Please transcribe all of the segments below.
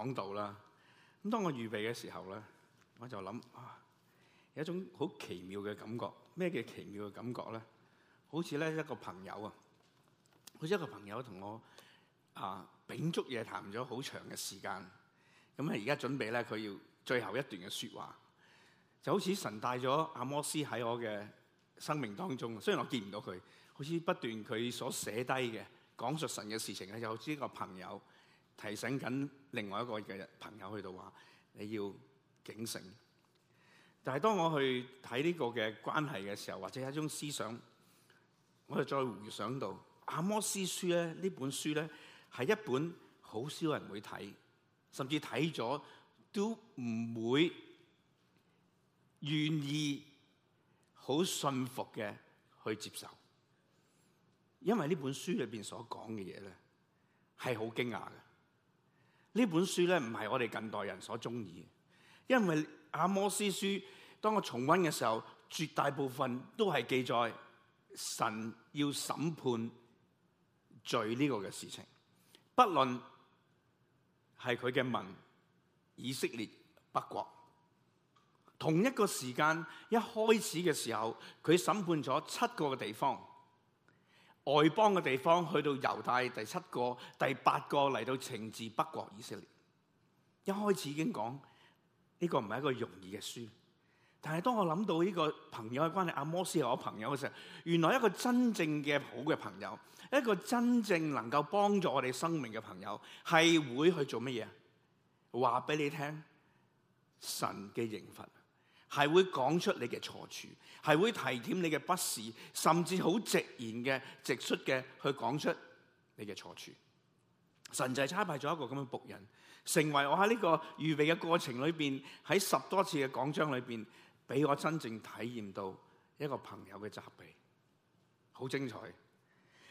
講到啦，咁當我預備嘅時候咧，我就諗啊，有一種好奇妙嘅感覺。咩叫奇妙嘅感覺咧？好似咧一個朋友啊，好似一個朋友同我啊秉燭夜談咗好長嘅時間。咁啊而家準備咧，佢要最後一段嘅說話，就好似神帶咗阿摩斯喺我嘅生命當中。雖然我見唔到佢，好似不斷佢所寫低嘅講述神嘅事情咧，就好似一個朋友。提醒緊另外一個嘅朋友去到話，你要警醒。但係當我去睇呢個嘅關係嘅時候，或者係一種思想，我就再回想到，《阿摩司書》咧呢本書咧係一本好少人會睇，甚至睇咗都唔會願意好信服嘅去接受，因為呢本書裏邊所講嘅嘢咧係好驚訝嘅。呢本書咧唔係我哋近代人所中意，因為阿摩司書當我重溫嘅時候，絕大部分都係記載神要審判罪呢個嘅事情，不論係佢嘅民以色列、北國。同一個時間一開始嘅時候，佢審判咗七個嘅地方。外邦嘅地方去到猶大第七個、第八個，嚟到懲治北國以色列，一開始已經講，呢個唔係一個容易嘅書，但係當我諗到呢個朋友嘅關係，阿摩斯係我朋友嘅時候，原來一個真正嘅好嘅朋友，一個真正能夠幫助我哋生命嘅朋友，係會去做乜嘢？話俾你聽，神嘅刑罰。係會講出你嘅錯處，係會提點你嘅不是，甚至好直言嘅、直率嘅去講出你嘅錯處。神就係差派咗一個咁嘅僕人，成為我喺呢個預備嘅過程裏邊，喺十多次嘅講章裏邊，俾我真正體驗到一個朋友嘅責備，好精彩。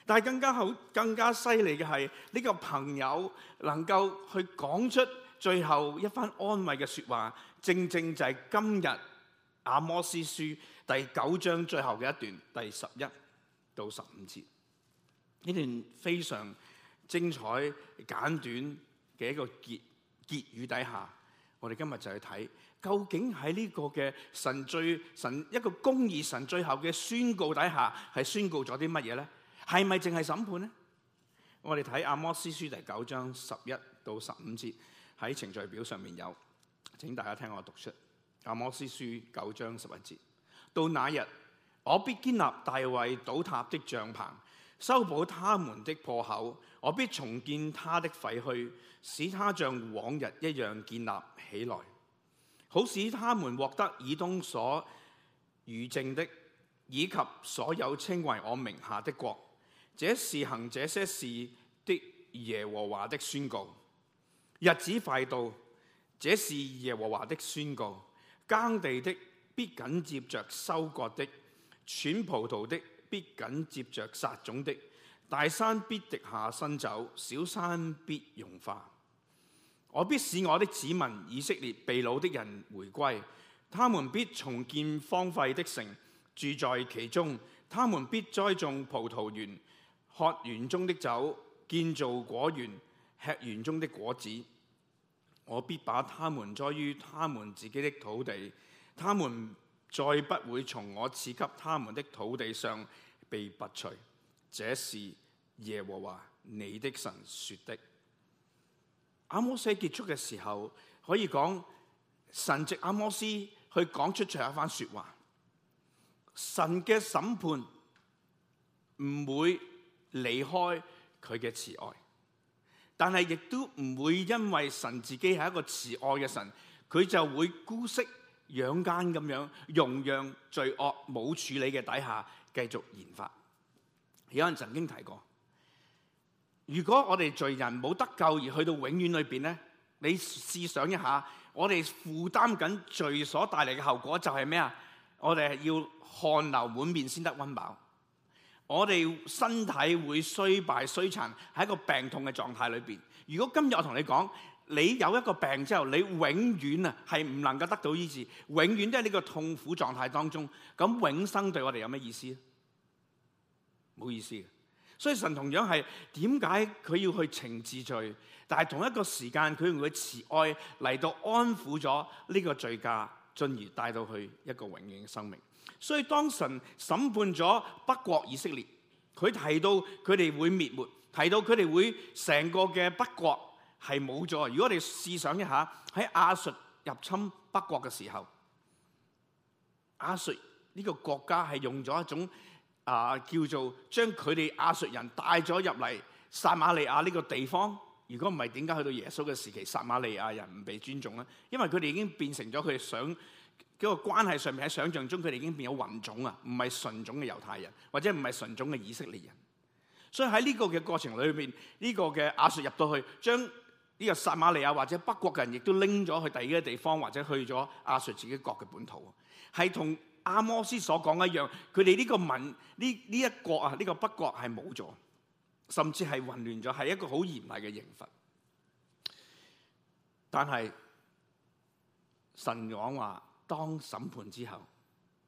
但係更加好、更加犀利嘅係呢個朋友能夠去講出最後一番安慰嘅說話。正正就係今日《阿摩司書》第九章最後嘅一段，第十一到十五節，呢段非常精彩簡短嘅一個結結語底下，我哋今日就去睇，究竟喺呢個嘅神最神一個公義神最後嘅宣告底下，係宣告咗啲乜嘢咧？係咪淨係審判呢？我哋睇《阿摩司書》第九章十一到十五節，喺程序表上面有。請大家聽我讀出《阿摩司書》九章十一節：到那日，我必建立大衛倒塌的帳棚，修補他們的破口，我必重建他的廢墟，使他像往日一樣建立起來，好使他們獲得以東所餘剩的，以及所有稱為我名下的國。這是行這些事的耶和華的宣告。日子快到。這是耶和華的宣告：耕地的必緊接着收割的，踹葡萄的必緊接着撒種的，大山必滴下新酒，小山必融化。我必使我的子民以色列被擄的人回歸，他們必重建荒廢的城，住在其中；他們必栽種葡萄園，喝園中的酒，建造果園，吃園中的果子。我必把他們栽於他們自己的土地，他們再不會從我賜給他們的土地上被拔除。這是耶和華你的神說的。阿摩司結束嘅時候，可以講神藉阿摩斯去講出最後一番說話。神嘅審判唔會離開佢嘅慈愛。但係亦都唔會因為神自己係一個慈愛嘅神，佢就會姑息養奸咁樣容讓罪惡冇處理嘅底下繼續研發。有人曾經提過，如果我哋罪人冇得救而去到永遠裏邊呢，你試想一下，我哋負擔緊罪所帶嚟嘅後果就係咩啊？我哋係要汗流滿面先得溫飽。我哋身體會衰敗、衰殘，喺一個病痛嘅狀態裏邊。如果今日我同你講，你有一個病之後，你永遠啊係唔能夠得到醫治，永遠都喺呢個痛苦狀態當中。咁永生對我哋有咩意思咧？冇意思嘅。所以神同樣係點解佢要去懲治罪，但係同一個時間佢會慈愛嚟到安撫咗呢個罪架，進而帶到去一個永遠嘅生命。所以當神審判咗北國以色列，佢提到佢哋會滅沒，提到佢哋會成個嘅北國係冇咗。如果我哋試想一下，喺亞述入侵北國嘅時候，亞述呢個國家係用咗一種啊、呃、叫做將佢哋亞述人帶咗入嚟撒瑪利亞呢個地方。如果唔係點解去到耶穌嘅時期，撒瑪利亞人唔被尊重咧？因為佢哋已經變成咗佢哋想。喺、這個關係上面喺想象中，佢哋已經變咗混種啊，唔係純種嘅猶太人，或者唔係純種嘅以色列人。所以喺呢個嘅過程裏邊，呢個嘅亞述入到去，將呢個撒瑪利亞或者北國嘅人，亦都拎咗去第二個地方，或者去咗亞述自己國嘅本土。係同阿摩司所講一樣，佢哋呢個民呢呢一國啊，呢、這個北國係冇咗，甚至係混亂咗，係一個好嚴厲嘅刑罰。但係神講話。當審判之後，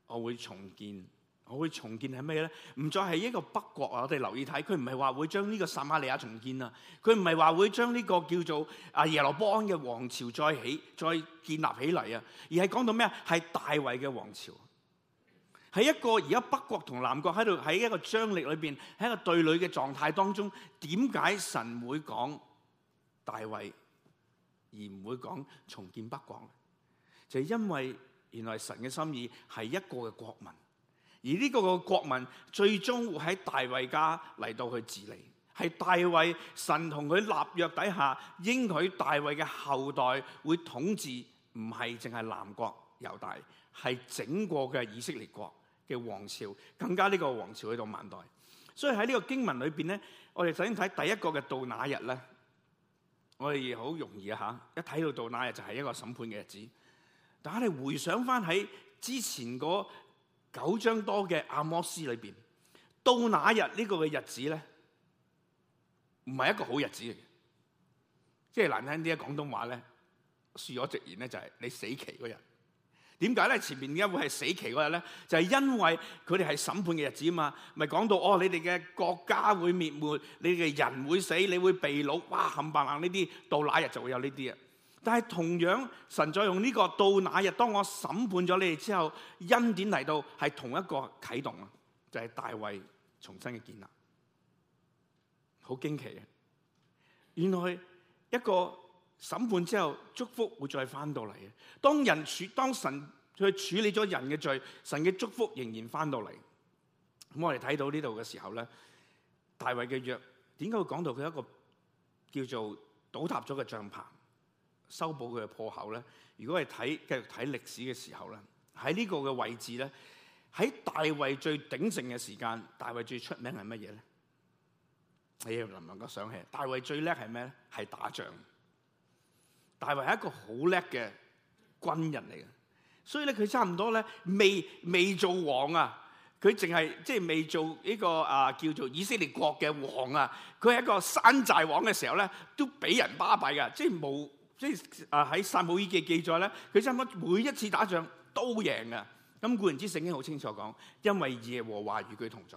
我會重建，我會重建係咩咧？唔再係一個北國啊！我哋留意睇，佢唔係話會將呢個撒瑪利亞重建啊，佢唔係話會將呢個叫做啊耶羅波安嘅王朝再起、再建立起嚟啊，而係講到咩啊？係大衛嘅王朝，喺一個而家北國同南國喺度喺一個張力裏邊，喺一個對壘嘅狀態當中，點解神會講大衛而唔會講重建北國咧？就係因為。原來神嘅心意係一個嘅國民，而呢個嘅國民最終會喺大衛家嚟到去治理，係大衛神同佢立約底下應佢大衛嘅後代會統治，唔係淨係南國猶大，係整個嘅以色列國嘅王朝，更加呢個王朝去到萬代。所以喺呢個經文裏邊呢，我哋首先睇第一個嘅到那日呢，我哋好容易吓，一睇到到那日就係一個審判嘅日子。但係回想翻喺之前嗰九章多嘅阿摩司裏邊，到那日呢個嘅日子咧，唔係一個好日子嚟。即係難聽啲嘅廣東話咧，恕我直言咧，就係你死期嗰日。點解咧？前面而家會係死期嗰日咧，就係因為佢哋係審判嘅日子啊嘛。咪講到哦，你哋嘅國家會滅沒，你哋嘅人會死，你會被擄，哇冚唪唥呢啲到那日就會有呢啲啊。但係同樣，神再用呢個到那日，當我審判咗你哋之後，恩典嚟到係同一個啟動啊，就係大衛重新嘅建立，好驚奇啊！原來一個審判之後，祝福會再翻到嚟。當人處，當神去處理咗人嘅罪，神嘅祝福仍然翻到嚟。咁我哋睇到呢度嘅時候咧，大衛嘅約點解會講到佢一個叫做倒塌咗嘅帳棚？修補佢嘅破口咧。如果係睇繼續睇歷史嘅時候咧，喺呢個嘅位置咧，喺大衛最鼎盛嘅時間，大衛最出名係乜嘢咧？你能唔能夠想起，大衛最叻係咩咧？係打仗。大衛係一個好叻嘅軍人嚟嘅，所以咧，佢差唔多咧未未做王啊，佢淨係即係未做呢個啊叫做以色列國嘅王啊，佢係一個山寨王嘅時候咧，都俾人巴閉嘅，即係冇。即係啊，喺撒母耳記記載咧，佢差唔多每一次打仗都贏嘅。咁固然之聖經好清楚講，因為耶和華與佢同在。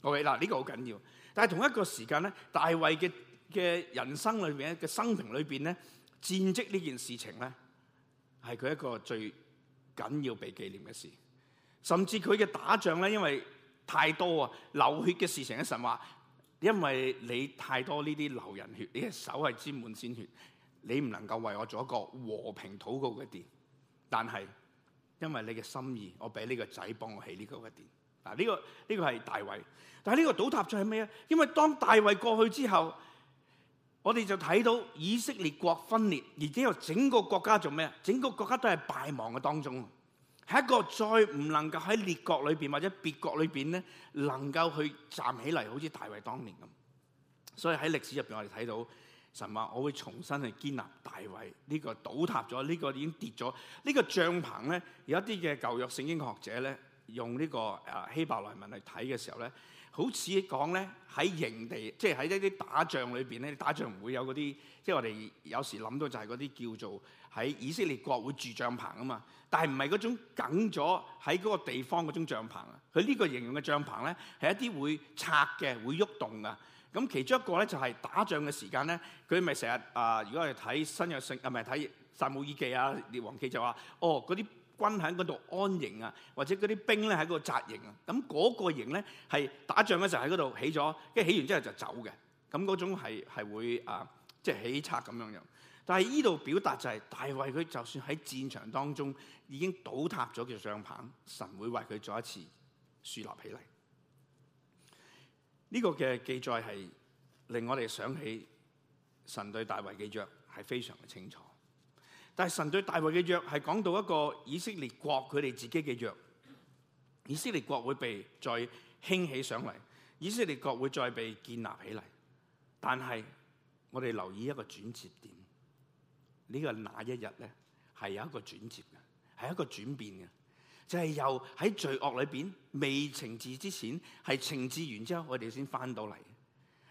OK，嗱，呢個好緊要。但係同一個時間咧，大衛嘅嘅人生裏面嘅生平裏邊咧，戰績呢件事情咧，係佢一個最緊要被紀念嘅事。甚至佢嘅打仗咧，因為太多啊流血嘅事情嘅神話，因為你太多呢啲流人血，你嘅手係沾滿鮮血。你唔能夠為我做一個和平禱告嘅殿，但係因為你嘅心意，我俾呢個仔幫我起呢個嘅殿。嗱、呢個、呢個呢、呢個係大衛，但係呢個倒塌咗係咩啊？因為當大衛過去之後，我哋就睇到以色列國分裂，而且有整個國家做咩啊？整個國家都係敗亡嘅當中，係一個再唔能夠喺列國裏邊或者別國裏邊咧，能夠去站起嚟，好似大衛當年咁。所以喺歷史入邊，我哋睇到。神話，我會重新去建立大衞呢、這個倒塌咗，呢、這個已經跌咗。這個、帳篷呢個帳棚咧，有一啲嘅舊約聖經學者咧，用呢個誒希伯來文嚟睇嘅時候咧，好似講咧喺營地，即係喺一啲打仗裏邊咧，打仗唔會有嗰啲，即係我哋有時諗到就係嗰啲叫做喺以色列國會住帳棚啊嘛。但係唔係嗰種梗咗喺嗰個地方嗰種帳棚啊。佢呢個形容嘅帳棚咧，係一啲會拆嘅，會喐動噶。咁其中一個咧就係打仗嘅時間咧，佢咪成日啊！如果係睇《新約聖》，啊唔睇《撒母耳記》啊，啊《列王記》就話，哦嗰啲軍喺嗰度安營啊，或者嗰啲兵咧喺嗰度紮營啊。咁嗰個營咧係打仗嘅時候喺嗰度起咗，跟住起完之後就走嘅。咁嗰種係係會啊，即係起拆咁樣樣。但係呢度表達就係大衛佢就算喺戰場當中已經倒塌咗條帳棚，神會為佢做一次樹立起嚟。呢、這個嘅記載係令我哋想起神對大衛嘅約係非常嘅清楚，但係神對大衛嘅約係講到一個以色列國佢哋自己嘅約，以色列國會被再興起上嚟，以色列國會再被建立起嚟，但係我哋留意一個轉折點，呢個那一日咧係有一個轉折嘅，係一個轉變嘅。就係、是、又喺罪惡裏邊未懲治之前，係懲治完之後我，我哋先翻到嚟。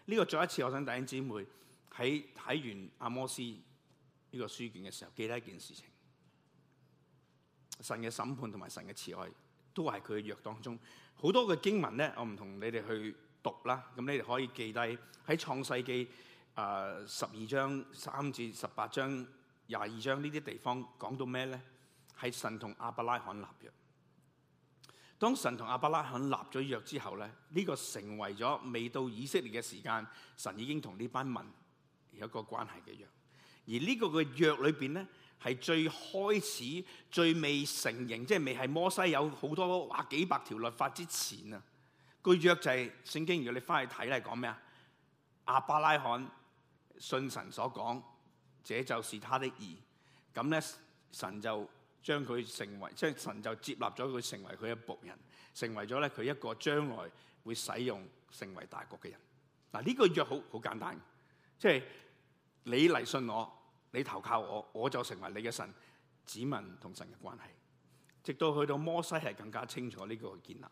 呢個再一次，我想帶領姊妹喺睇完阿摩司呢個書卷嘅時候，記得一件事情：神嘅審判同埋神嘅慈愛都係佢嘅約當中好多嘅經文咧。我唔同你哋去讀啦，咁你哋可以記低喺創世記啊十二章三至十八章廿二章呢啲地方講到咩咧？係神同亞伯拉罕立約。當神同亞伯拉罕立咗約之後咧，呢、這個成為咗未到以色列嘅時間，神已經同呢班民有一個關係嘅約。而呢個嘅約裏邊咧，係最開始、最未成形，即係未係摩西有好多哇幾百條律法之前啊。個約就係、是、聖經看，如果你翻去睇咧，講咩啊？亞伯拉罕信神所講，這就是他的義。咁咧，神就。將佢成為，即係神就接納咗佢成為佢一僕人，成為咗咧佢一個將來會使用，成為大國嘅人。嗱、這、呢個約好好簡單，即係你嚟信我，你投靠我，我就成為你嘅神。子民同神嘅關係，直到去到摩西係更加清楚呢個建立。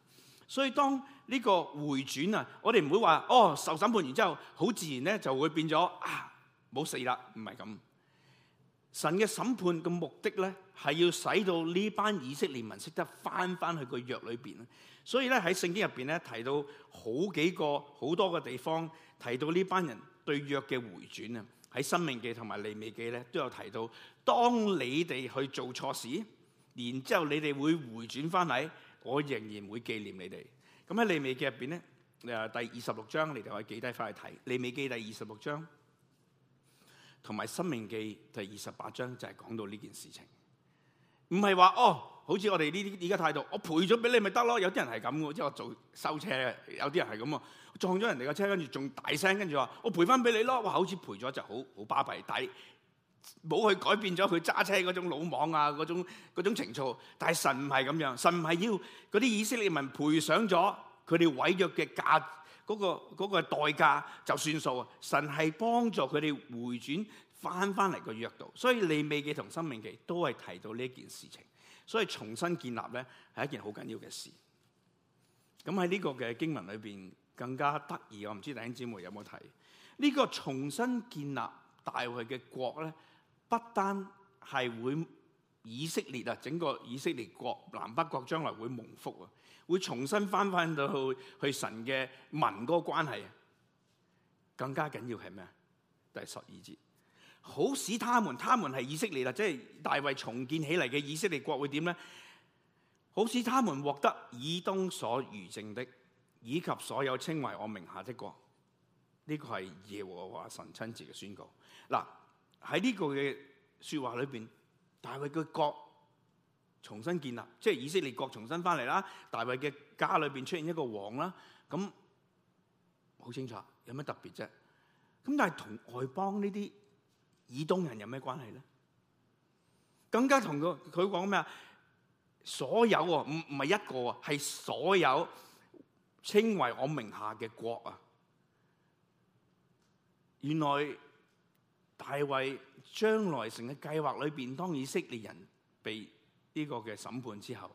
所以當呢個回轉啊，我哋唔會話哦受審判完之後，好自然咧就會變咗啊冇死啦，唔係咁。神嘅審判嘅目的咧，係要使到呢班以色列民識得翻翻去個約裏邊。所以咧喺聖經入邊咧提到好幾個好多個地方，提到呢班人對約嘅回轉啊。喺申命記同埋利未記咧都有提到，當你哋去做錯事，然之後你哋會回轉翻嚟，我仍然會紀念你哋。咁喺利未記入邊咧，誒第二十六章，你哋可以記低翻去睇。利未記第二十六章。同埋《申命記》第二十八章就係講到呢件事情，唔係話哦，好似我哋呢啲而家態度，我賠咗俾你咪得咯。有啲人係咁嘅，即係我做收車，有啲人係咁啊，撞咗人哋架車，跟住仲大聲，跟住話我賠翻俾你咯。哇，好似賠咗就好好巴閉，底，冇去改變咗佢揸車嗰種魯莽啊，嗰種，嗰種情操。但係神唔係咁樣，神唔係要嗰啲以色列民賠償咗佢哋毀約嘅價。嗰個，嗰個代價就算數啊！神係幫助佢哋回轉翻翻嚟個約度。所以利未記同申命記都係提到呢一件事情，所以重新建立咧，係一件好緊要嘅事。咁喺呢個嘅經文裏邊更加得意，我唔知道弟兄姊妹有冇睇呢個重新建立大衞嘅國咧？不單係會以色列啊，整個以色列國南北國將來會蒙福啊！會重新翻翻到去神嘅民嗰個關係，更加緊要係咩？第十二節，好使他們，他們係以色列啦，即係大衛重建起嚟嘅以色列國會點咧？好使他們獲得以東所餘剩的，以及所有稱為我名下的國，呢個係耶和華神親自嘅宣告。嗱，喺呢個嘅說話裏邊，大衛嘅國。重新建立，即係以色列國重新翻嚟啦。大衛嘅家裏邊出現一個王啦，咁好清楚，有乜特別啫？咁但係同外邦呢啲以東人有咩關係咧？更加同個佢講咩啊？所有唔唔係一個，係所有稱為我名下嘅國啊！原來大衛將來成嘅計劃裏邊，當以色列人被呢個嘅審判之後，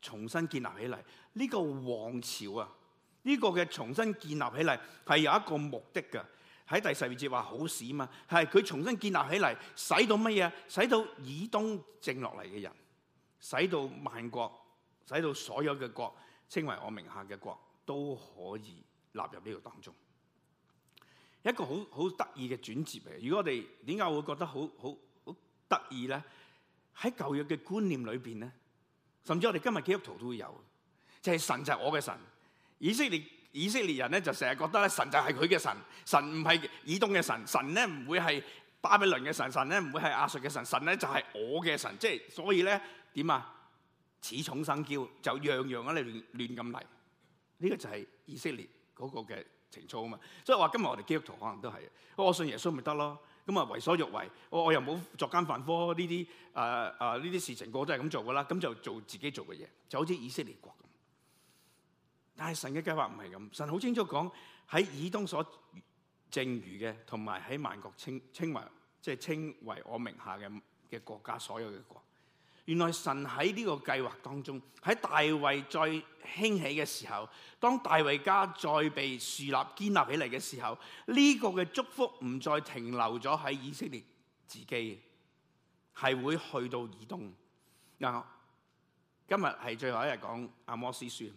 重新建立起嚟，呢個王朝啊，呢個嘅重新建立起嚟係有一個目的嘅。喺第十二節話好史嘛，係佢重新建立起嚟，使到乜嘢？使到以東剩落嚟嘅人，使到萬國，使到所有嘅國稱為我名下嘅國，都可以納入呢個當中。一個好好得意嘅轉折嚟。如果我哋點解會覺得好好好得意咧？喺舊約嘅觀念裏邊咧，甚至我哋今日基督徒都會有，就係、是、神就係我嘅神。以色列以色列人咧就成日覺得咧，神就係佢嘅神，神唔係以東嘅神，神咧唔會係巴比倫嘅神，神咧唔會係亞述嘅神，神咧就係我嘅神。即係所以咧點啊？恃寵生驕，就樣樣喺你亂亂咁嚟。呢、這個就係以色列嗰個嘅情操啊嘛。所以話今日我哋基督徒可能都係，我信耶穌咪得咯。.咁啊，為所欲為，我我又冇作奸犯科呢啲啊啊呢啲事情，個個都係咁做噶啦，咁就做自己做嘅嘢，就好似以色列國咁。但係神嘅計劃唔係咁，神好清楚講，喺以東所剩餘嘅，同埋喺萬國稱稱為，即係稱為我名下嘅嘅國家所有嘅國。原來神喺呢個計劃當中，喺大衛再興起嘅時候，當大衛家再被樹立、建立起嚟嘅時候，呢、這個嘅祝福唔再停留咗喺以色列自己，係會去到以東。嗱，今日係最後一日講阿摩司書，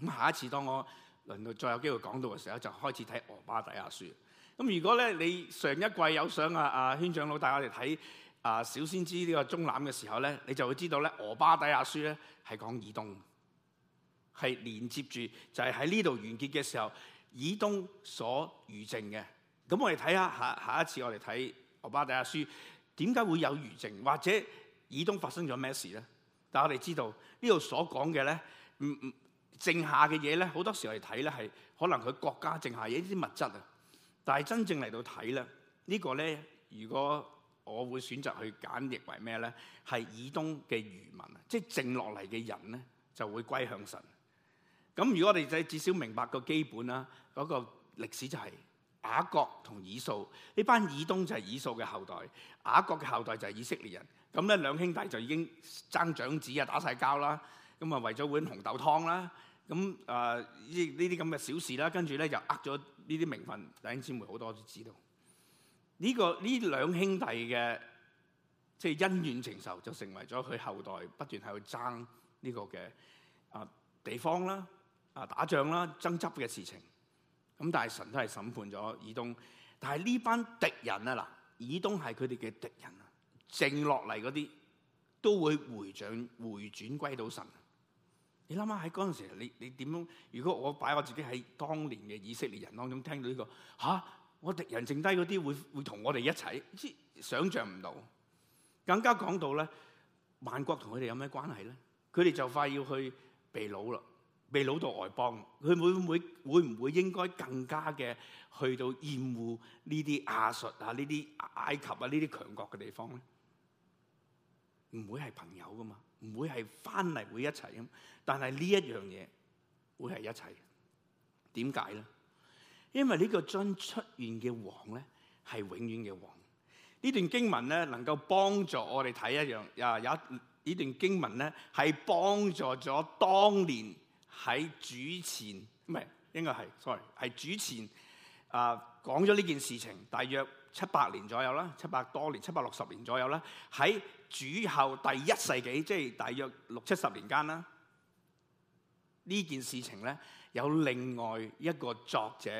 咁下一次當我輪到再有機會講到嘅時候，就開始睇俄巴底亞書。咁如果咧你上一季有想阿阿軒長老帶我哋睇？啊！小先知呢個中攬嘅時候咧，你就會知道咧，俄巴底亞書咧係講以東，係連接住就係喺呢度完結嘅時候，以東所餘剩嘅。咁我哋睇下下下一次我哋睇俄巴底亞書，點解會有餘剩，或者以東發生咗咩事咧？但係我哋知道講呢度所講嘅咧，唔唔剩下嘅嘢咧，好多時我哋睇咧係可能佢國家剩下嘢啲物質啊，但係真正嚟到睇咧，呢個咧如果。我會選擇去簡譯為咩咧？係以東嘅餘民啊，即係剩落嚟嘅人咧，就會歸向神。咁如果我哋就至少明白個基本啦，嗰個歷史就係雅各同以掃。呢班以東就係以掃嘅後代，雅各嘅後代就係以色列人。咁咧兩兄弟就已經爭長子啊，打晒交啦，咁啊為咗碗紅豆湯啦，咁啊呢呢啲咁嘅小事啦，跟住咧就呃咗呢啲名分，弟兄姊妹好多都知道。呢、個呢兩兄弟嘅即係恩怨情仇，就成為咗佢後代不斷喺度爭呢個嘅啊地方啦，啊打仗啦，爭執嘅事情。咁但係神都係審判咗以東，但係呢班敵人啊嗱，以東係佢哋嘅敵人啊，剩落嚟嗰啲都會回轉回轉歸到神。你諗下喺嗰陣時候你，你你點樣？如果我擺我自己喺當年嘅以色列人當中聽到呢、個嚇。啊我敵人剩低嗰啲會會同我哋一齊，即係想像唔到。更加講到咧，萬國同佢哋有咩關係咧？佢哋就快要去被擄啦，被擄到外邦。佢會唔會會唔會應該更加嘅去到厭惡呢啲亞述啊、呢啲埃及啊、呢啲強國嘅地方咧？唔會係朋友㗎嘛？唔會係翻嚟會一齊咁？但係呢一樣嘢會係一齊，點解咧？因為呢、呢個將出現嘅王呢係永遠嘅王。呢段經文呢能夠幫助我哋睇一樣啊！有呢段經文呢係幫助咗當年喺主前，唔係，應該係，sorry，係主前啊、呃，講咗呢件事情，大約七百年左右啦，七百多年，七百六十年左右啦，喺主後第一世紀，即係大約六七十年間啦。呢件事情呢，有另外一個作者。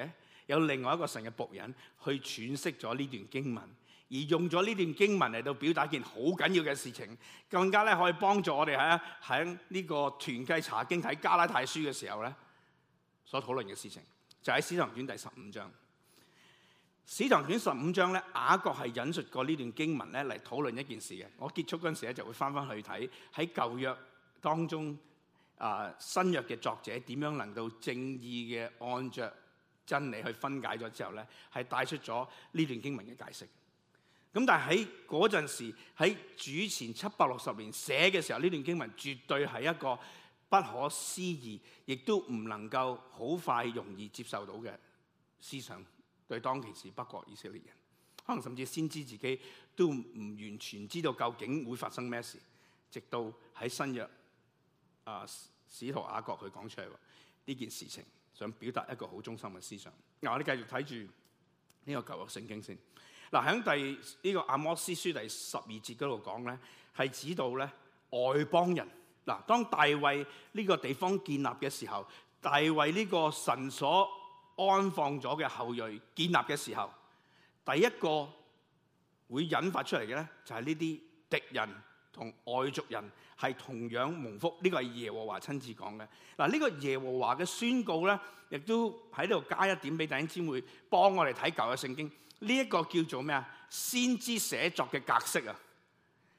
有另外一個神嘅僕人去詮釋咗呢段經文，而用咗呢段經文嚟到表達一件好緊要嘅事情，更加咧可以幫助我哋喺喺呢個團契查經睇加拉太書嘅時候咧，所討論嘅事情就喺使徒行傳第十五章。使徒行傳十五章咧，雅各係引述過呢段經文咧嚟討論一件事嘅。我結束嗰陣時咧就會翻翻去睇喺舊約當中啊新約嘅作者點樣能夠正義嘅按着真理去分解咗之後呢，係帶出咗呢段經文嘅解釋。咁但係喺嗰陣時喺主前七百六十年寫嘅時候，呢段經文絕對係一個不可思議，亦都唔能夠好快容易接受到嘅思想。對當其時北國以色列人，可能甚至先知自己都唔完全知道究竟會發生咩事，直到喺新約啊使徒雅各佢講出嚟呢件事情。想表達一個好中心嘅思想。嗱、這個，我哋繼續睇住呢個舊約聖經先。嗱，喺第呢個阿摩司書第十二節嗰度講咧，係指到咧外邦人嗱。當大衛呢個地方建立嘅時候，大衛呢個神所安放咗嘅後裔建立嘅時候，第一個會引發出嚟嘅咧就係呢啲敵人。同外族人係同樣蒙福，呢個係耶和華親自講嘅嗱。呢個耶和華嘅宣告咧，亦都喺度加一點俾大家知，會幫我哋睇舊嘅聖經呢一個叫做咩啊？先知寫作嘅格式啊，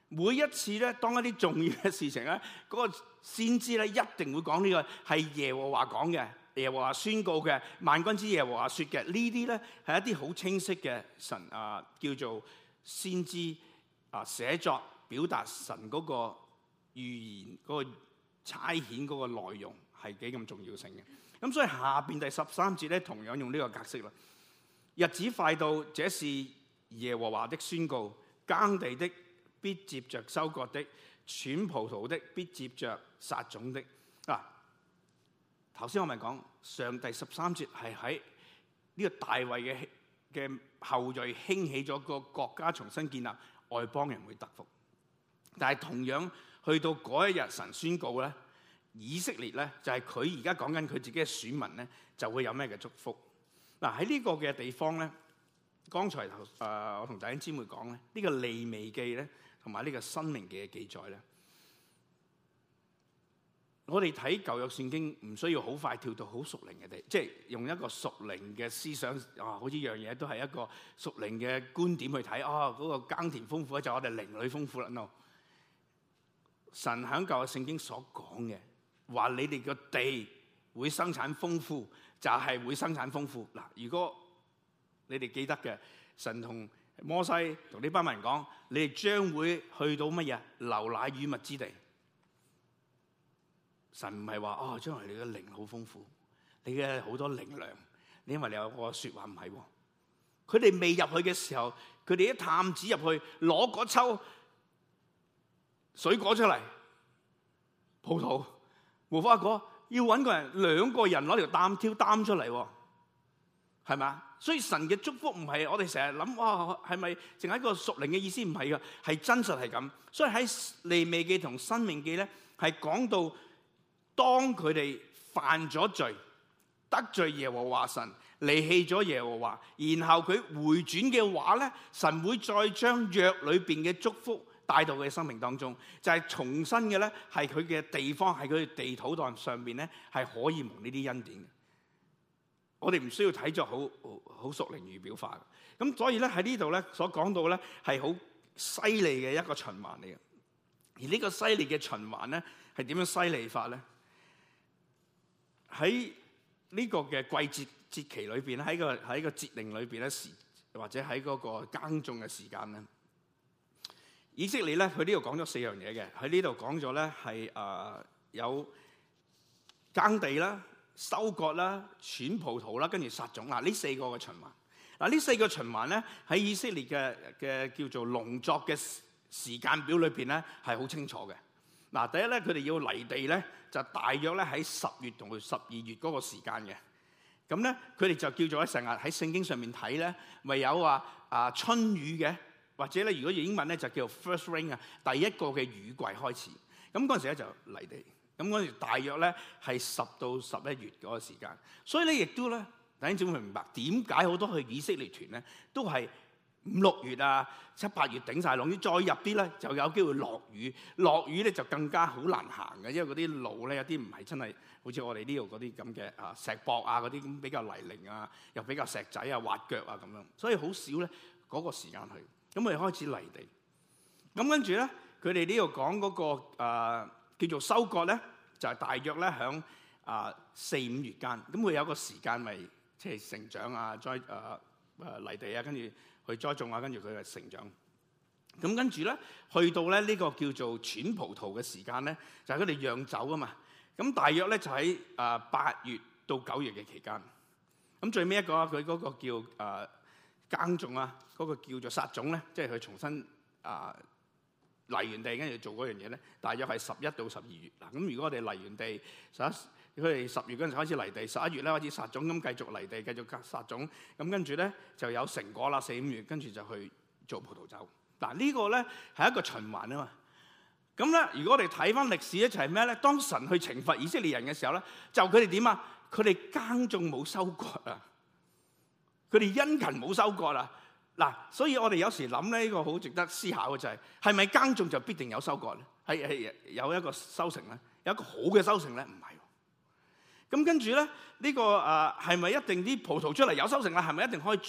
每一次咧，當一啲重要嘅事情咧，嗰個先知咧一定會講呢個係耶和華講嘅，耶和華宣告嘅，萬軍之耶和華説嘅，呢啲咧係一啲好清晰嘅神啊，叫做先知啊，寫作。表達神嗰個預言，嗰、嗰個差遣，嗰個內容係幾咁重要性嘅。咁所以下邊第十三節咧，同樣用呢個格式啦。日子快到，這是耶和華的宣告：耕地的必接着收割的，踹葡萄的必接着撒種的。嗱、啊，頭先我咪講上第十三節係喺呢個大衛嘅嘅後裔興起咗個國家，重新建立，外邦人會得福。但係同樣去到嗰一日，神宣告咧，以色列咧就係佢而家講緊佢自己嘅選民咧，就會有咩嘅祝福。嗱，喺呢個嘅地方咧，剛才誒我同弟兄姊妹講咧，呢、這個利未記咧，同埋呢個申命嘅記載咧，我哋睇舊約聖經唔需要好快跳到好屬靈嘅地，即係用一個屬靈嘅思想啊、哦，好似樣嘢都係一個屬靈嘅觀點去睇啊，嗰、哦，那個耕田豐富咧就我哋靈裡豐富啦。No. 神喺舊嘅聖經所講嘅，話你哋個地會生產豐富，就係、是、會生產豐富。嗱，如果你哋記得嘅，神同摩西同呢班人講，你哋將會去到乜嘢？流奶與蜜之地。神唔係話哦，將來你嘅靈好豐富，你嘅好多靈糧。你因為你有個說話唔係，佢哋未入去嘅時候，佢哋一探子入去攞嗰抽。水果出嚟，葡萄、無花果，要搵個人兩個人攞條擔挑擔出嚟，係咪啊？所以神嘅祝福唔係我哋成日諗，哇、哦，係咪淨係一個屬靈嘅意思？唔係噶，係真實係咁。所以喺利未記同申命記咧，係講到當佢哋犯咗罪、得罪耶和華神、離棄咗耶和華，然後佢回轉嘅話咧，神會再將約裏邊嘅祝福。帶到佢嘅生命當中，就係、是、重新嘅咧，係佢嘅地方，係佢嘅地土當上邊咧，係可以蒙呢啲恩典嘅。我哋唔需要睇作好好熟靈語表法嘅。咁所以咧，喺呢度咧，所講到咧，係好犀利嘅一個循環嚟嘅。而這個呢這個犀利嘅循環咧係點樣犀利法咧？喺呢個嘅季節節期裏邊咧，喺個喺個節令裏邊咧時，或者喺嗰個耕種嘅時間咧。以色列咧，佢呢度講咗四樣嘢嘅，喺呢度講咗咧係誒有耕地啦、收割啦、剪葡萄啦，跟住撒種。嗱，呢四個嘅循環，嗱，呢四個循環咧喺以色列嘅嘅叫做農作嘅時間表裏邊咧係好清楚嘅。嗱，第一咧，佢哋要犁地咧就大約咧喺十月同十二月嗰個時間嘅。咁咧，佢哋就叫做成日喺聖經上面睇咧，咪有話啊春雨嘅。或者咧，如果用英文咧就叫 first rain 啊，第一個嘅雨季開始。咁嗰陣時咧就嚟地。咁嗰陣時候大約咧係十到十一月嗰個時間。所以咧，亦都咧，大家先會明白點解好多去以色列團咧都係五六月啊、七八月頂晒隆。如果再入啲咧，就有機會落雨。落雨咧就更加好難行嘅，因為嗰啲路咧有啲唔係真係好似我哋呢度嗰啲咁嘅啊石礫啊嗰啲咁比較泥濘啊，又比較石仔啊滑腳啊咁樣。所以好少咧嗰個時間去。咁佢開始犁地，咁跟住咧，佢哋呢度講嗰個誒叫做收割咧，就係大約咧響啊四五月間，咁佢有個時間咪即係成長啊，栽誒誒犁地啊，跟住去栽種啊，跟住佢就成長。咁跟住咧，去到咧呢個叫做串葡萄嘅時間咧，就係佢哋釀酒啊嘛。咁大約咧就喺啊八月到九月嘅期間。咁最尾一個佢嗰個叫誒。耕種啊，嗰、那個叫做殺種咧，即係佢重新啊嚟、呃、完地跟住做嗰樣嘢咧。大約係十一到十二月嗱。咁如果我哋嚟完地十一，佢哋十月嗰陣開始嚟地，十一月咧開始殺種，咁繼續嚟地，繼續殺種。咁跟住咧就有成果啦，四五月跟住就去做葡萄酒。嗱，呢個咧係一個循環啊嘛。咁咧，如果我哋睇翻歷史咧，就係咩咧？當神去懲罰以色列人嘅時候咧，就佢哋點啊？佢哋耕種冇收割啊！佢哋辛勤冇收割啦、啊，嗱，所以我哋有時諗咧，呢、這個好值得思考嘅就係、是，係咪耕種就必定有收割咧？係係有一個收成咧，有一個好嘅收成咧，唔係。咁跟住咧，呢個啊係咪一定啲葡萄出嚟有收成啦？係咪一定可以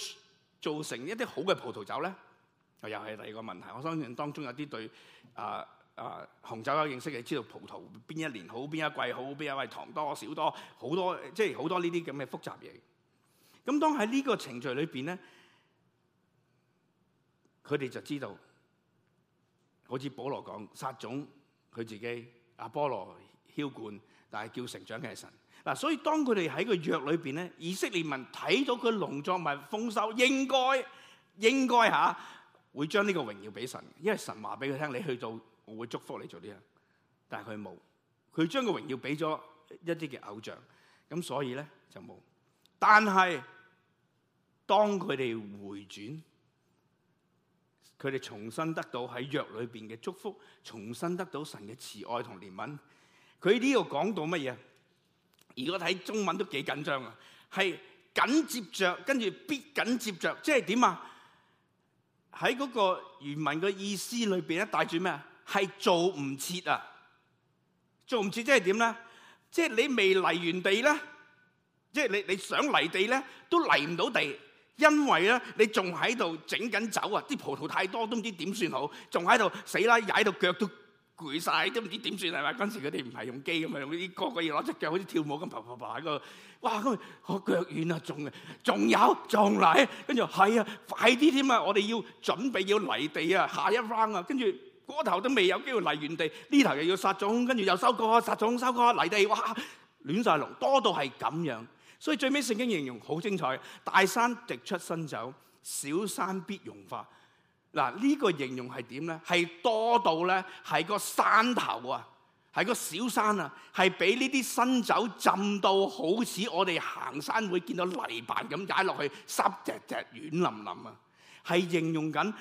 做成一啲好嘅葡萄酒咧？又係第二個問題。我相信當中有啲對啊啊、呃呃、紅酒有認識嘅，知道葡萄邊一年好，邊一季好，邊一位糖多少多好多，很多即係好多呢啲咁嘅複雜嘢。咁當喺呢個程序裏邊咧，佢哋就知道，好似保羅講，撒種佢自己，阿波羅澆灌，但係叫成長嘅係神。嗱，所以當佢哋喺個約裏邊咧，以色列民睇到佢農作物豐收，應該應該吓會將呢個榮耀俾神，因為神話俾佢聽，你去做我會祝福你做啲嘢，但係佢冇，佢將個榮耀俾咗一啲嘅偶像，咁所以咧就冇。但係，當佢哋回轉，佢哋重新得到喺約裏邊嘅祝福，重新得到神嘅慈愛同憐憫。佢呢度講到乜嘢？如果睇中文都幾緊張啊！係緊接着，跟住必緊接着，即係點啊？喺嗰個原文嘅意思裏邊咧，帶住咩啊？係做唔切啊？做唔切即係點咧？即係你未嚟原地咧？即係你你想犁地咧，都犁唔到地，因為咧你仲喺度整緊酒啊！啲葡萄太多都唔知點算好，仲喺度死啦，踩到腳都攰曬，都唔知點算係咪？嗰陣時佢哋唔係用機咁啊，用啲個個要攞隻腳好似跳舞咁，啪啪啪喺度。哇！咁我腳軟啊，種啊，仲有仲嚟，跟住話係啊，快啲添啊！我哋要準備要犁地啊，下一 round 啊，跟住嗰頭都未有機會犁完地，呢頭又要撒種，跟住又收割、撒種、收割、犁地，哇！亂曬龍，多到係咁樣。所以最尾聖經形容好精彩，大山滴出新酒，小山必融化。嗱、這、呢個形容係點咧？係多到咧，係個山頭啊，係個小山啊，係俾呢啲新酒浸到，好似我哋行山會見到泥板咁踩落去，濕滴滴軟淋淋啊！係形容緊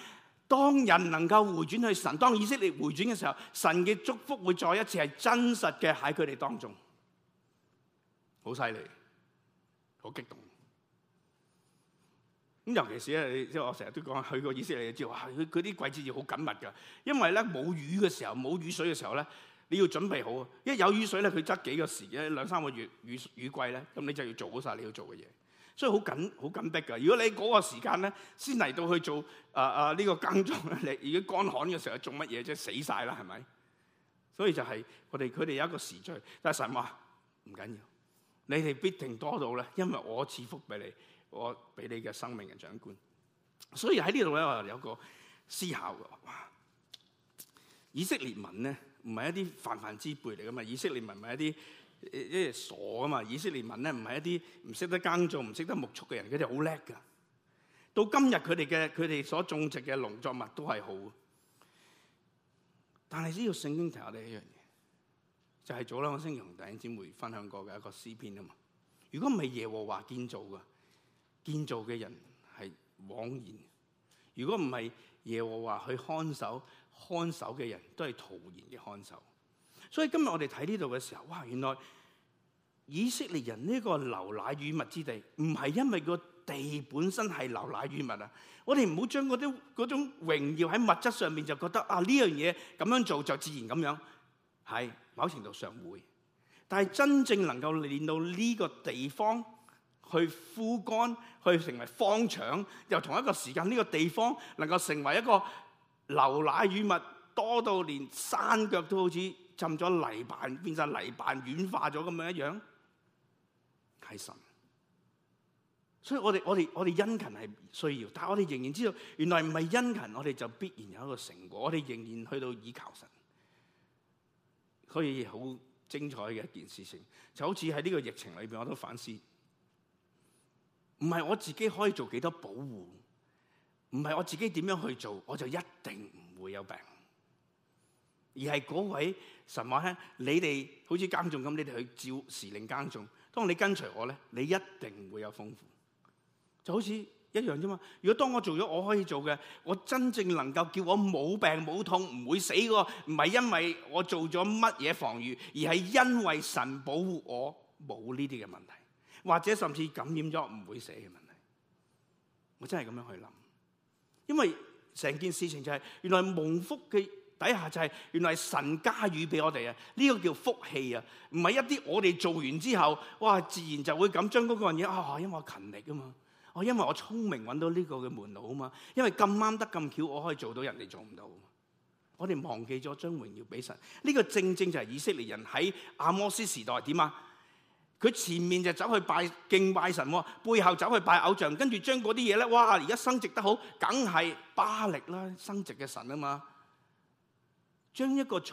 當人能夠回轉去神，當以色列回轉嘅時候，神嘅祝福會再一次係真實嘅喺佢哋當中，好犀利。好激動，咁尤其是咧，即係我成日都講佢個意思嚟嘅，即係話佢嗰啲季節要好緊密噶，因為咧冇雨嘅時候，冇雨水嘅時候咧，你要準備好；一有雨水咧，佢則幾個時，一兩三個月雨雨季咧，咁你就要做好晒你要做嘅嘢。所以好緊，好緊逼噶。如果你嗰個時間咧，先嚟到去做啊啊呢個耕種咧，而家乾旱嘅時候做乜嘢，即係死晒啦，係咪？所以就係我哋佢哋有一個時序，但係神話唔緊要。你哋必定多到咧，因為我賜福俾你，我俾你嘅生命嘅長官。所以喺呢度咧，我有個思考嘅。以色列民咧，唔係一啲泛泛之輩嚟噶嘛？以色列民唔係一啲即係傻噶嘛？以色列民咧，唔係一啲唔識得耕種、唔識得牧畜嘅人，佢哋好叻噶。到今日佢哋嘅佢哋所種植嘅農作物都係好的。但係呢個聖經提到呢一樣嘢。就係、是、早兩個星期同弟兄姊妹分享過嘅一個詩篇啊嘛。如果唔係耶和華建造嘅，建造嘅人係枉然；如果唔係耶和華去看守，看守嘅人都係徒然嘅看守。所以今日我哋睇呢度嘅時候，哇！原來以色列人呢個流奶與蜜之地，唔係因為個地本身係流奶與蜜啊。我哋唔好將嗰啲嗰種榮耀喺物質上面，就覺得啊呢樣嘢咁樣做就自然咁樣。係某程度上會，但係真正能夠練到呢個地方去枯乾，去成為荒場，又同一個時間呢、這個地方能夠成為一個流奶與蜜，多到連山腳都好似浸咗泥板，變晒泥板軟化咗咁樣一樣，係神。所以我哋我哋我哋殷勤係需要，但係我哋仍然知道，原來唔係殷勤，我哋就必然有一個成果。我哋仍然去到倚靠神。可以好精彩嘅一件事情，就好似喺呢個疫情裏邊，我都反思，唔係我自己可以做幾多保護，唔係我自己點樣去做，我就一定唔會有病，而係嗰位神話咧，你哋好似耕種咁，你哋去照時令耕種，當你跟隨我咧，你一定會有豐富，就好似。一樣啫嘛！如果當我做咗我可以做嘅，我真正能夠叫我冇病冇痛唔會死個，唔係因為我做咗乜嘢防禦，而係因為神保護我冇呢啲嘅問題，或者甚至感染咗唔會死嘅問題。我真係咁樣去諗，因為成件事情就係原來蒙福嘅底下就係原來神加語俾我哋啊！呢個叫福氣啊，唔係一啲我哋做完之後，哇！自然就會咁將嗰個運氣啊，因為我勤力啊嘛。我、哦、因為我聰明揾到呢個嘅門路啊嘛，因為咁啱得咁巧，我可以做到人哋做唔到。我哋忘記咗將榮耀俾神。呢、這個正正就係以色列人喺阿摩司時代點啊？佢前面就走去拜敬拜神，背後走去拜偶像，跟住將嗰啲嘢咧，哇！而家生殖得好，梗係巴力啦，生殖嘅神啊嘛。將一個錯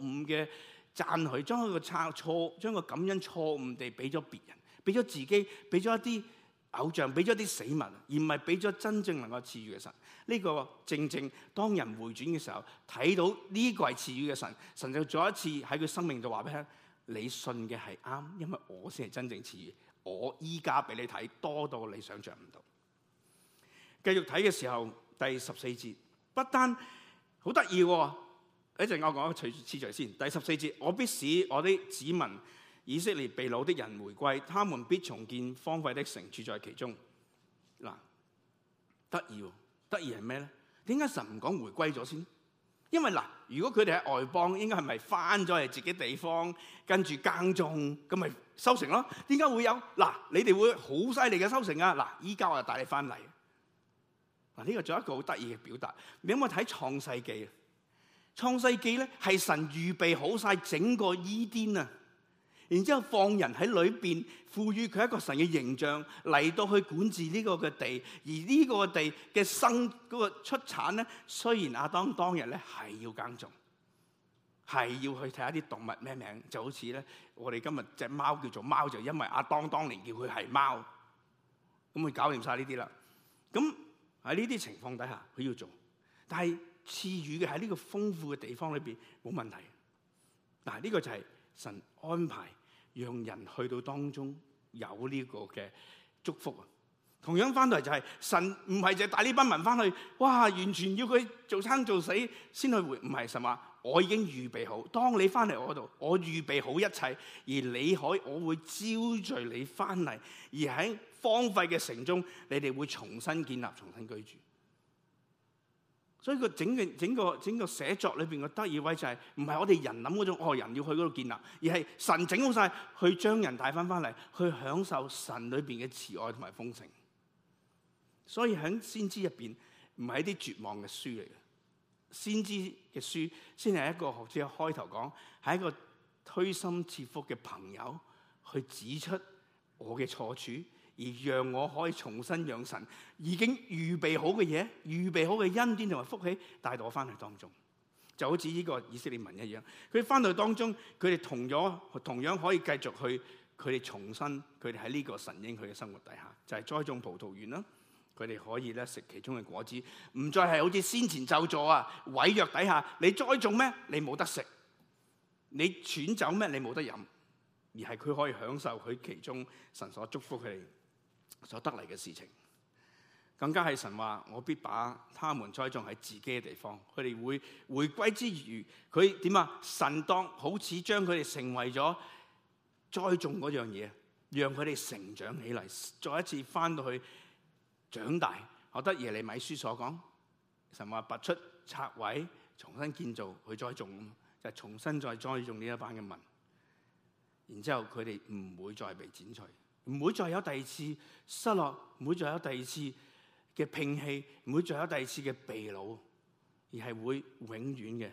誤嘅讚許，將佢個差錯，將個感恩錯誤地俾咗別人，俾咗自己，俾咗一啲。偶像俾咗啲死物，而唔係俾咗真正能夠賜予嘅神。呢、呢個正正當人回轉嘅時候，睇到呢個係賜予嘅神，神就再一次喺佢生命度話俾佢聽：你信嘅係啱，因為我先係真正賜予，我依家俾你睇多到你想象唔到。繼續睇嘅時候，第十四節不單好得意喎，哦、一陣我講除次序先。第十四節，我必使我啲子民。以色列被擄的人回歸，他們必重建荒廢的城，住在其中。嗱，得意、哦，得意係咩咧？點解神唔講回歸咗先？因為嗱，如果佢哋喺外邦，應該係咪翻咗嚟自己的地方，跟住耕種，咁咪收成咯？點解會有？嗱，你哋會好犀利嘅收成啊！嗱，依家我就帶你翻嚟，嗱呢個做一個好得意嘅表達。你有冇睇創世記？創世記咧係神預備好晒整個伊甸啊！然之後放人喺裏邊，賦予佢一個神嘅形象嚟到去管治呢個嘅地，而呢個地嘅生嗰、這個出產咧，雖然阿當當日咧係要耕種，係要去睇下啲動物咩名，就好似咧我哋今日隻貓叫做貓，就因為阿當當年叫佢係貓，咁佢搞掂晒呢啲啦。咁喺呢啲情況底下，佢要做，但係賜予嘅喺呢個豐富嘅地方裏邊冇問題。嗱，呢個就係、是。神安排，讓人去到當中有呢個嘅祝福啊！同樣翻嚟就係神唔係就係帶呢班民翻去，哇！完全要佢做生做死先去回唔係。唔係神話，我已經預備好，當你翻嚟我度，我預備好一切，而你可以，我會招聚你翻嚟，而喺荒廢嘅城中，你哋會重新建立，重新居住。所以個整嘅整個整個寫作裏邊嘅得意位就係唔係我哋人諗嗰種哦，人要去嗰度建立，而係神整好晒，去將人帶翻翻嚟去享受神裏邊嘅慈愛同埋豐盛。所以喺先知入邊唔係一啲絕望嘅書嚟嘅，先知嘅書先係一個好似開頭講係一個推心置腹嘅朋友去指出我嘅錯處。而讓我可以重新養神，已經預備好嘅嘢，預備好嘅恩典同埋福氣，帶到我翻去當中，就好似呢個以色列文一樣。佢翻到當中，佢哋同咗同樣可以繼續去，佢哋重新佢哋喺呢個神應許嘅生活底下，就係、是、栽種葡萄園啦。佢哋可以咧食其中嘅果子，唔再係好似先前咒詛啊，毀約底下，你栽種咩？你冇得食，你醇酒咩？你冇得飲，而係佢可以享受佢其中神所祝福佢哋。所得嚟嘅事情，更加係神話。我必把他們栽種喺自己嘅地方，佢哋會回歸之餘，佢點啊？神當好似將佢哋成為咗栽種嗰樣嘢，讓佢哋成長起嚟，再一次翻到去長大。學得耶利米書所講，神話拔出拆毀，重新建造去栽種，就重新再栽種呢一班嘅民。然之後佢哋唔會再被剪除。唔會再有第二次失落，唔會再有第二次嘅摒棄，唔會再有第二次嘅被擄，而係會永遠嘅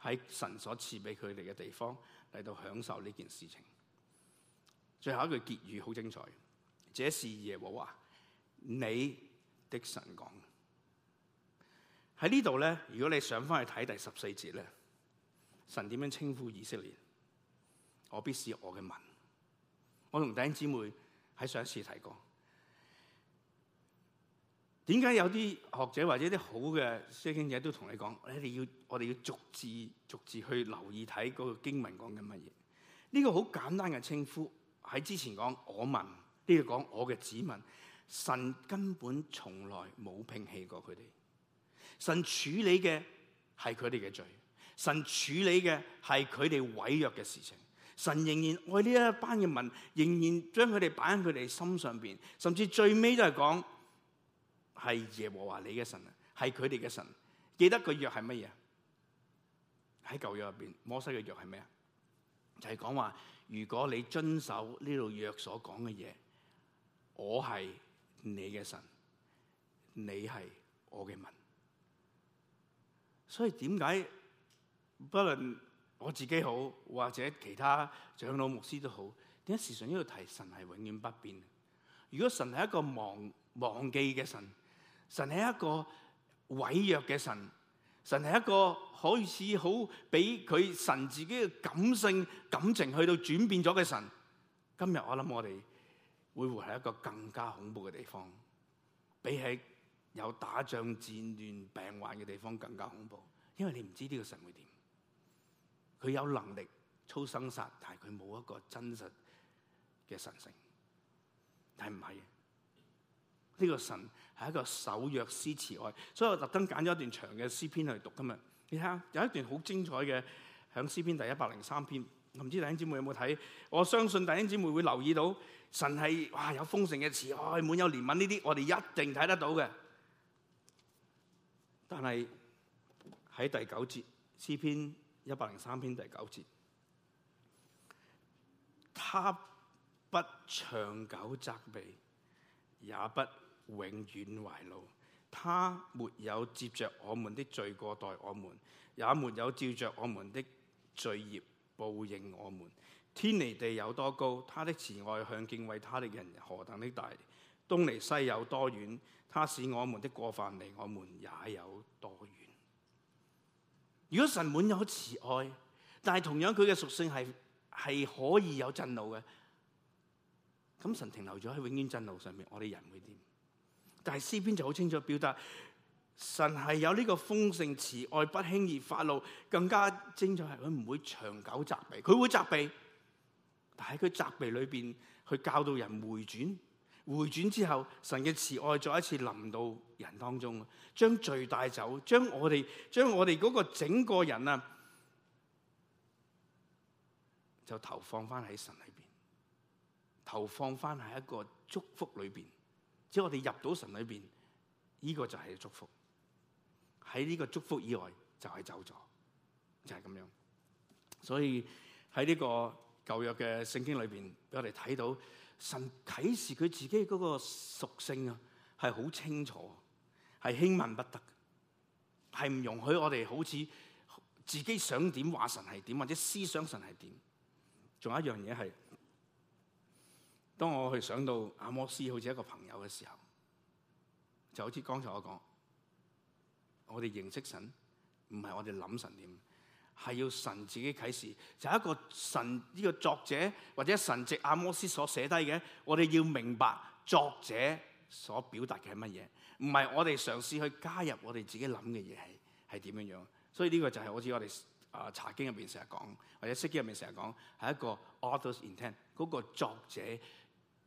喺神所賜俾佢哋嘅地方嚟到享受呢件事情。最後一句結語好精彩，這是耶和華你的神講。喺呢度咧，如果你想翻去睇第十四節咧，神點樣稱呼以色列？我必是我嘅民，我同弟兄姊妹。喺上一次提過，點解有啲學者或者啲好嘅書經者都同你講，你哋要，我哋要逐字逐字去留意睇嗰個經文講緊乜嘢。呢個好簡單嘅稱呼，喺之前講我問，呢、呢個講我嘅子民，神根本從來冇摒棄過佢哋，神處理嘅係佢哋嘅罪，神處理嘅係佢哋毀約嘅事情。神仍然愛呢一班嘅民，仍然將佢哋擺喺佢哋心上邊，甚至最尾都係講，係耶和華你嘅神，係佢哋嘅神。記得個約係乜嘢？喺舊約入邊，摩西嘅約係咩啊？就係講話，如果你遵守呢度約所講嘅嘢，我係你嘅神，你係我嘅民。所以點解不論？我自己好，或者其他長老牧師都好。點解時常呢度提神係永遠不變？如果神係一個忘忘記嘅神，神係一個毀約嘅神，神係一個可以似好俾佢神自己嘅感性感情去到轉變咗嘅神，今日我諗我哋會活喺一個更加恐怖嘅地方，比起有打仗戰亂病患嘅地方更加恐怖，因為你唔知呢個神會點。佢有能力操生殺，但係佢冇一個真實嘅神聖，係唔係？呢、這個神係一個守約施慈愛，所以我特登揀咗一段長嘅詩篇嚟讀噶嘛。今日，你睇下有一段好精彩嘅，響詩篇第一百零三篇，我唔知弟兄姊妹有冇睇，我相信弟兄姊妹會留意到，神係哇有豐盛嘅慈愛，滿有憐憫呢啲，我哋一定睇得到嘅。但係喺第九節詩篇。一百零三篇第九節，他不長久責備，也不永遠懷怒。他沒有接着我們的罪過待我們，也沒有照着我們的罪孽報應我們。天離地有多高，他的慈愛向敬畏他的人何等的大；東離西有多遠，他使我們的過犯離我們也有多遠。如果神滿有慈愛，但係同樣佢嘅屬性係係可以有震怒嘅，咁神停留咗喺永遠震怒上面，我哋人會點？但係詩篇就好清楚表達，神係有呢個豐盛慈愛，不輕易發怒，更加精彩係佢唔會長久責備，佢會責備，但係佢責備裏邊去教導人回轉。回轉之後，神嘅慈愛再一次臨到人當中，將罪帶走，將我哋將我哋嗰個整個人啊，就投放翻喺神裏邊，投放翻喺一個祝福裏邊。只要我哋入到神裏邊，呢個就係祝福。喺呢個祝福以外，就係走咗，就係咁樣。所以喺呢個舊約嘅聖經裏邊，俾我哋睇到。神啟示佢自己嗰個屬性啊，係好清楚，係輕問不得，係唔容許我哋好似自己想點話神係點，或者思想神係點。仲有一樣嘢係，當我去想到阿摩司好似一個朋友嘅時候，就好似剛才我講，我哋認識神，唔係我哋諗神點。係要神自己啟示，就係、一個神呢、呢個作者或者神藉阿摩司所寫低嘅，我哋要明白作者所表達嘅係乜嘢，唔係我哋嘗試去加入我哋自己諗嘅嘢係係點樣樣。所以呢個就係好似我哋啊查經入邊成日講，或者釋經入邊成日講，係一個 author’s intent，嗰個作者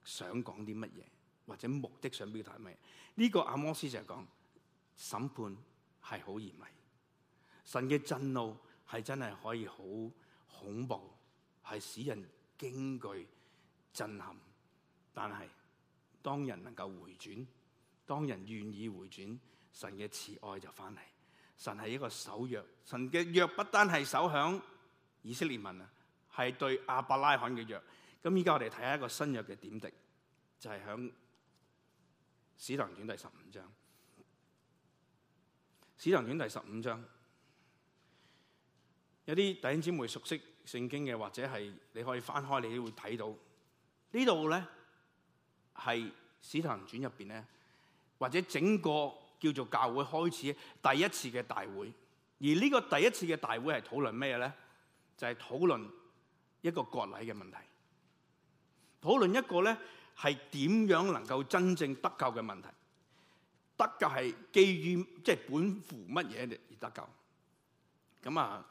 想講啲乜嘢，或者目的想表達乜嘢。呢、呢個阿摩司成日講審判係好嚴厲，神嘅震怒。係真係可以好恐怖，係使人驚懼、震撼。但係當人能夠回轉，當人願意回轉，神嘅慈愛就翻嚟。神係一個守約，神嘅約不單係守響以色列民啊，係對亞伯拉罕嘅約。咁而家我哋睇下一個新約嘅點滴，就係響《使徒行傳》第十五章，《使徒行傳》第十五章。有啲弟兄姊妹熟悉聖經嘅，或者係你可以翻開，你都會睇到呢度咧，係《使徒行傳》入邊咧，或者整個叫做教會開始第一次嘅大會。而呢個第一次嘅大會係討論咩咧？就係討論一個割禮嘅問題，討論一個咧係點樣能夠真正得救嘅問題。得救係基於即係本乎乜嘢而得救咁啊？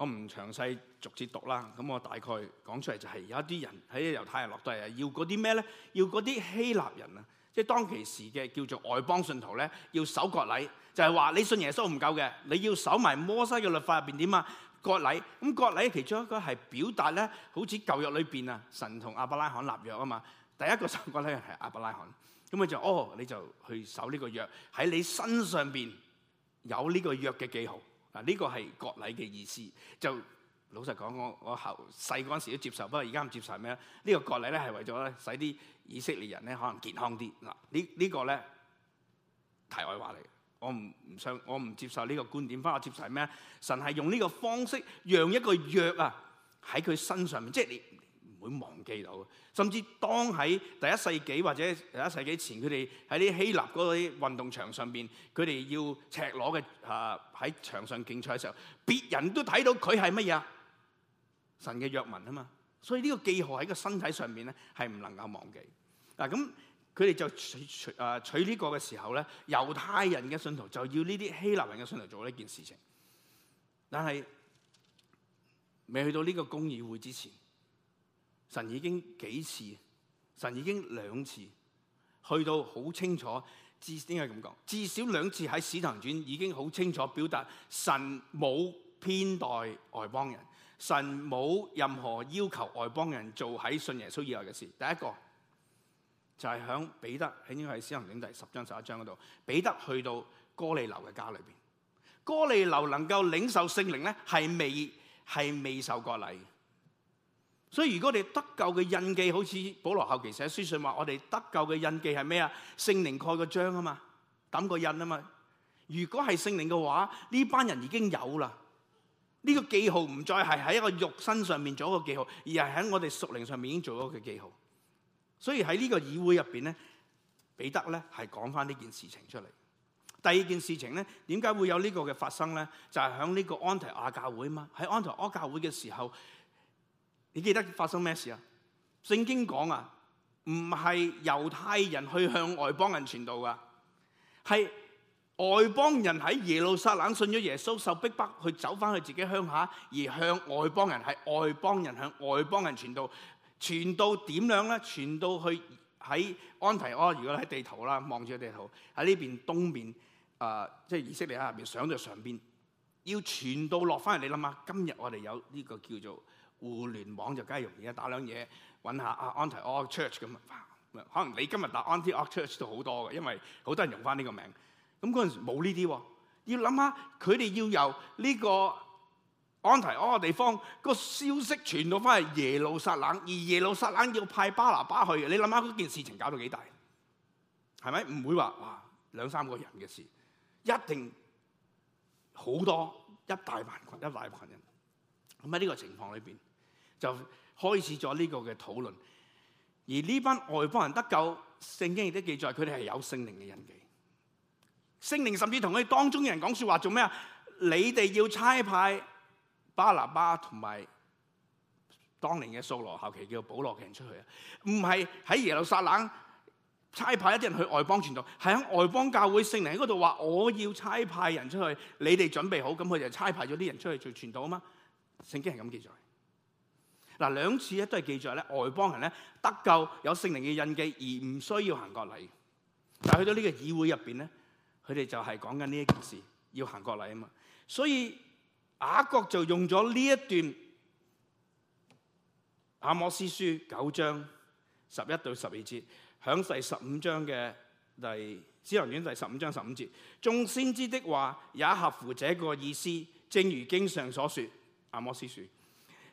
我唔詳細逐字讀啦，咁我大概講出嚟就係有一啲人喺猶太人落低啊，要嗰啲咩咧？要嗰啲希臘人啊，即係當其時嘅叫做外邦信徒咧，要守割禮，就係話你信耶穌唔夠嘅，你要守埋摩西嘅律法入邊點啊？割禮，咁割禮其中一個係表達咧，好似舊約裏邊啊，神同阿伯拉罕立約啊嘛。第一個守割禮係阿伯拉罕，咁咪就哦，你就去守呢個約，喺你身上邊有呢個約嘅記號。嗱，呢個係割禮嘅意思。就老實講，我我後細嗰陣時都接受，現在不過而家唔接受咩呢、這個割禮咧係為咗咧使啲以色列人咧可能健康啲。嗱，這個，呢呢個咧題外話嚟，我唔唔想，我唔接受呢個觀點。不過我接受咩神係用呢個方式，讓一個約啊喺佢身上面，即係你。會忘記到的，甚至當喺第一世紀或者第一世紀前，佢哋喺啲希臘嗰啲運動場上邊，佢哋要赤裸嘅啊，喺場上競賽嘅時候，別人都睇到佢係乜嘢？神嘅約文啊嘛，所以呢個記號喺個身體上面咧係唔能夠忘記。嗱、啊、咁，佢哋就取，取啊取呢個嘅時候咧，猶太人嘅信徒就要呢啲希臘人嘅信徒做呢件事情，但係未去到呢個公議會之前。神已經幾次？神已經兩次去到好清楚，至點解咁講？至少兩次喺《使徒行傳》已經好清楚表達，神冇偏待外邦人，神冇任何要求外邦人做喺信耶穌以外嘅事。第一個就係、是、響彼得，喺應該係《使徒行傳》第十章十一章嗰度，彼得去到哥尼流嘅家裏邊，哥尼流能夠領受聖靈咧，係未係未受過割禮。所以如果我哋得救嘅印記，好似保羅後期寫書信話，我哋得救嘅印記係咩啊？聖靈蓋個章啊嘛，抌個印啊嘛。如果係聖靈嘅話，呢班人已經有啦。呢個記號唔再係喺一個肉身上面做一個記號，而係喺我哋屬靈上面已經做咗個記號。所以喺呢個議會入邊咧，彼得咧係講翻呢件事情出嚟。第二件事情咧，點解會有呢個嘅發生咧？就係喺呢個安提阿教會啊嘛，喺安提阿教會嘅時候。你記得發生咩事聖啊？聖經講啊，唔係猶太人去向外邦人傳道噶，係外邦人喺耶路撒冷信咗耶穌，受逼迫，迫去走翻去自己鄉下，而向外邦人係外邦人向外邦人傳道，傳到點樣咧？傳到去喺安提阿，哦，如果喺地圖啦，望住個地圖喺呢邊東面，啊、呃，即、就、係、是、以色列下邊上到上邊，要傳到落翻嚟。你諗下，今日我哋有呢個叫做。互聯網就梗係容易啦，打兩嘢揾下阿 Antioch Church，咁可能你今日打 Antioch Church 都好多嘅，因為好多人用翻呢個名。咁嗰陣時冇呢啲，要諗下佢哋要由呢個 Antioch 嘅地方個消息傳到翻去耶路撒冷，而耶路撒冷要派巴拿巴去，你諗下嗰件事情搞到幾大？係咪唔會話哇兩三個人嘅事，一定好多一大羣群一大群人。咁喺呢個情況裏邊。就開始咗呢個嘅討論，而呢班外邦人得救，聖經亦都記載佢哋係有聖靈嘅印記，聖靈甚至同佢哋當中人講說話做咩啊？你哋要差派巴拿巴同埋當年嘅掃羅後期，叫保羅嘅人出去啊？唔係喺耶路撒冷差派一啲人去外邦傳道，係喺外邦教會聖靈嗰度話我要差派人出去，你哋準備好，咁佢就差派咗啲人出去做傳道啊嘛？聖經係咁記載。嗱，兩次咧都係記載咧，外邦人咧得救有聖靈嘅印記，而唔需要行割禮。但去到呢個議會入邊咧，佢哋就係講緊呢一件事，要行割禮啊嘛。所以雅各就用咗呢一段《阿摩司書》九章十一到十二節，喺第十五章嘅第《使徒行傳》第十五章十五節，眾先知的話也合乎這個意思，正如經上所說，《阿摩司書》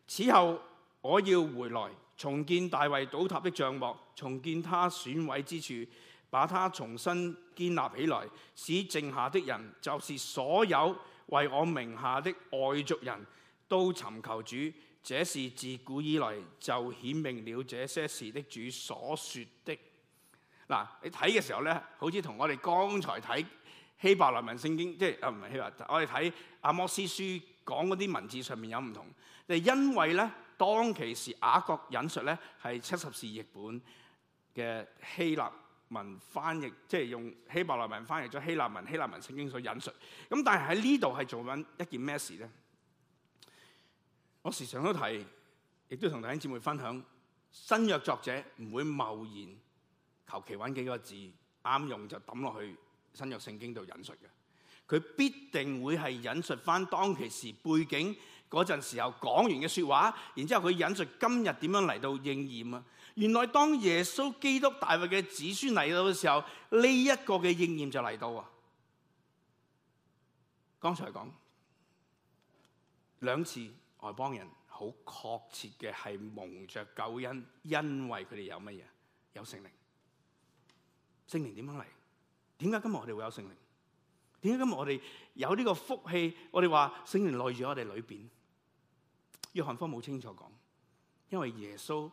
此後。我要回來重建大衛倒塌的帳幕，重建他損毀之處，把他重新建立起來，使剩下的人，就是所有為我名下的外族人都尋求主。這是自古以來就顯明了這些事的主所說的。嗱，你睇嘅時候咧，好似同我哋剛才睇希伯來文聖經，即係啊唔係希伯，我哋睇阿摩司書講嗰啲文字上面有唔同，係因為咧。當其時雅各引述咧係七十士譯本嘅希臘文翻譯，即係用希伯來文翻譯咗希臘文，希臘文聖經所引述。咁但係喺呢度係做緊一件咩事咧？我時常都提，亦都同弟兄姊妹分享，新約作者唔會貿然求其揾幾個字啱用就抌落去新約聖經度引述嘅。佢必定會係引述翻當其時背景，嗰陣時候講完嘅說話，然之後佢引述今日點樣嚟到應驗啊！原來當耶穌基督大衛嘅子孫嚟到嘅時候，呢一個嘅應驗就嚟到啊！剛才講兩次外邦人好確切嘅係蒙着救恩，因為佢哋有乜嘢？有聖靈，聖靈點樣嚟？點解今日我哋會有聖靈？點解今日我哋有呢個福氣？我哋話聖靈內住我哋裏邊。約翰福音冇清楚講，因為耶穌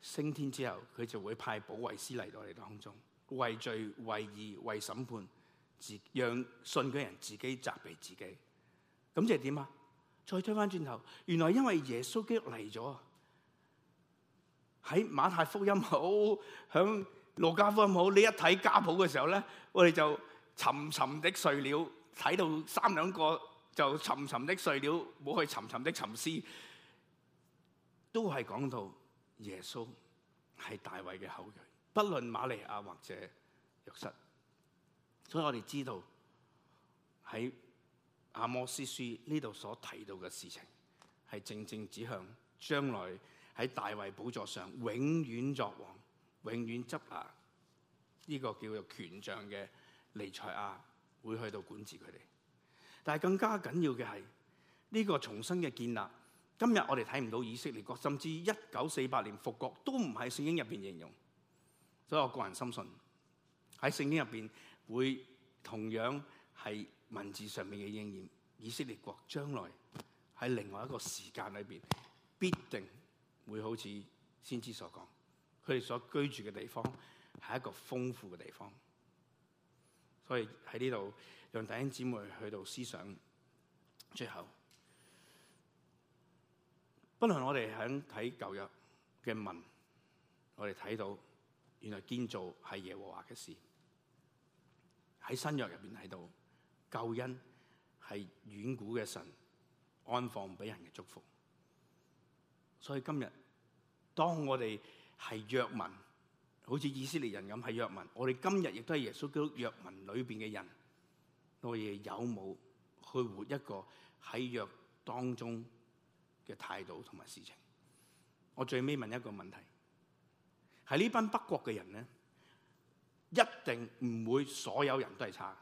升天之後，佢就會派保衛師嚟到我哋當中，為罪、為義、為審判，自讓信嘅人自己責備自己。咁即係點啊？再推翻轉頭，原來因為耶穌基督嚟咗，喺馬太福音好，響路加福音好，你一睇家譜嘅時候咧，我哋就沉沉的碎了，睇到三兩個就沉沉的碎了，冇去沉沉的沉思。都係講到耶穌係大衛嘅後裔，不論瑪利亞或者約瑟，所以我哋知道喺阿摩司書呢度所提到嘅事情，係正正指向將來喺大衛寶座上永遠作王，永遠執拿呢個叫做權杖嘅彌賽亞會去到管治佢哋。但係更加緊要嘅係呢個重新嘅建立。今日我哋睇唔到以色列國，甚至一九四八年復國，都唔喺聖經入邊形容。所以我個人深信，喺聖經入邊會同樣係文字上面嘅應驗。以色列國將來喺另外一個時間裏邊，必定會好似先知所講，佢哋所居住嘅地方係一個豐富嘅地方。所以喺呢度讓弟兄姊妹去到思想。最後。不論我哋喺睇舊約嘅文，我哋睇到原來建造係耶和華嘅事；喺新約入邊睇到救恩係遠古嘅神安放俾人嘅祝福。所以今日當我哋係約民，好似以色列人咁係約民，我哋今日亦都係耶穌基督約民裏邊嘅人。我哋有冇去活一個喺約當中？嘅態度同埋事情，我最尾問一個問題：係呢班北國嘅人咧，一定唔會所有人都係差，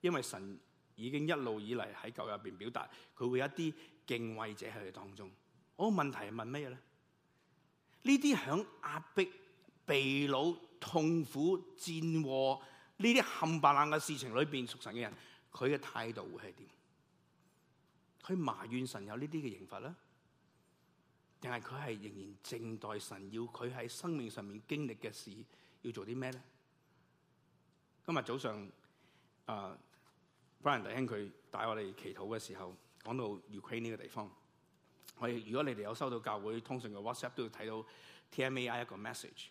因為神已經一路以嚟喺舊入邊表達，佢會有一啲敬畏者喺佢當中。我個問題係問咩咧？呢啲響壓迫、被擄、痛苦、戰禍呢啲冚唪唥嘅事情裏邊屬神嘅人，佢嘅態度會係點？佢埋怨神有呢啲嘅刑罰啦，定係佢係仍然靜待神要佢喺生命上面經歷嘅事，要做啲咩咧？今日早上啊，呃，Brian 弟兄佢帶我哋祈禱嘅時候，講到 Ukraine 呢個地方，我哋如果你哋有收到教會通訊嘅 WhatsApp，都要睇到 TMAI 一個 message。